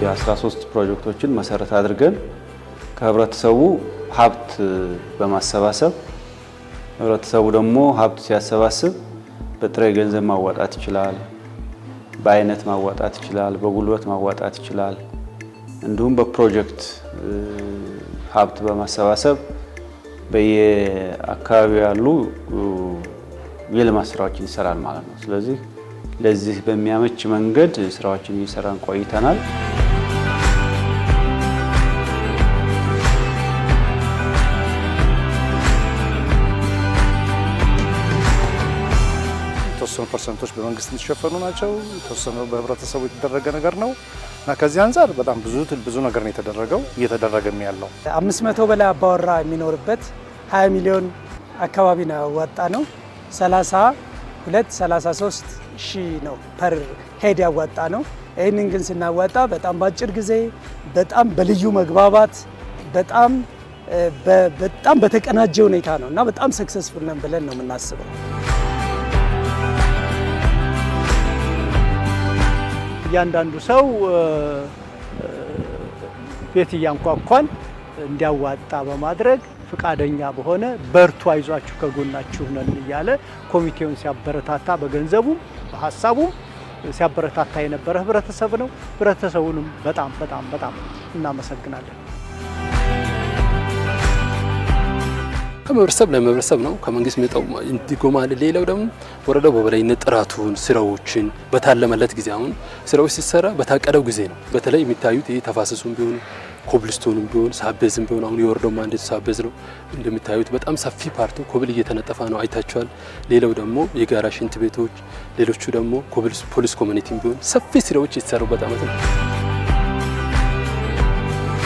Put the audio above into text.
የ13 ፕሮጀክቶችን መሰረት አድርገን ከህብረተሰቡ ሀብት በማሰባሰብ ህብረተሰቡ ደግሞ ሀብት ሲያሰባስብ በጥሬ ገንዘብ ማዋጣት ይችላል፣ በአይነት ማዋጣት ይችላል፣ በጉልበት ማዋጣት ይችላል። እንዲሁም በፕሮጀክት ሀብት በማሰባሰብ በየአካባቢው ያሉ የልማት ስራዎችን ይሰራል ማለት ነው። ስለዚህ ለዚህ በሚያመች መንገድ ስራዎችን እየሰራን ቆይተናል። የተወሰኑ ፐርሰንቶች በመንግስት የሚሸፈኑ ናቸው፣ የተወሰኑ በህብረተሰቡ የተደረገ ነገር ነው እና ከዚህ አንጻር በጣም ብዙ ብዙ ነገር ነው የተደረገው እየተደረገም ያለው። አምስት መቶ በላይ አባወራ የሚኖርበት 20 ሚሊዮን አካባቢ ነው ያዋጣ ነው 32 33 ሺህ ነው ፐር ሄድ ያዋጣ ነው። ይህንን ግን ስናዋጣ በጣም በአጭር ጊዜ በጣም በልዩ መግባባት በጣም በጣም በተቀናጀ ሁኔታ ነው እና በጣም ሰክሰስፉል ነን ብለን ነው የምናስበው። እያንዳንዱ ሰው ቤት እያንኳኳን እንዲያዋጣ በማድረግ ፍቃደኛ በሆነ በርቱ፣ አይዟችሁ፣ ከጎናችሁ ነን እያለ ኮሚቴውን ሲያበረታታ በገንዘቡም በሀሳቡም ሲያበረታታ የነበረ ህብረተሰብ ነው። ህብረተሰቡንም በጣም በጣም በጣም እናመሰግናለን። ከማህበረሰብ ለማህበረሰብ ነው ከመንግስት የሚመጣው እንዲጎማል። ሌላው ደግሞ ወረዳው በበላይነት ጥራቱን ስራዎችን በታለመለት ጊዜ አሁን ስራዎች ሲሰራ በታቀደው ጊዜ ነው። በተለይ የሚታዩት ይህ ተፋሰሱም ቢሆን ኮብልስቶንም ቢሆን ሳቤዝም ቢሆን አሁን የወረዳው ማንዴት ሳቤዝ ነው። እንደሚታዩት በጣም ሰፊ ፓርቱ ኮብል እየተነጠፈ ነው፣ አይታቸዋል። ሌላው ደግሞ የጋራ ሽንት ቤቶች፣ ሌሎቹ ደግሞ ፖሊስ ኮሚኒቲም ቢሆን ሰፊ ስራዎች የተሰሩበት አመት ነው።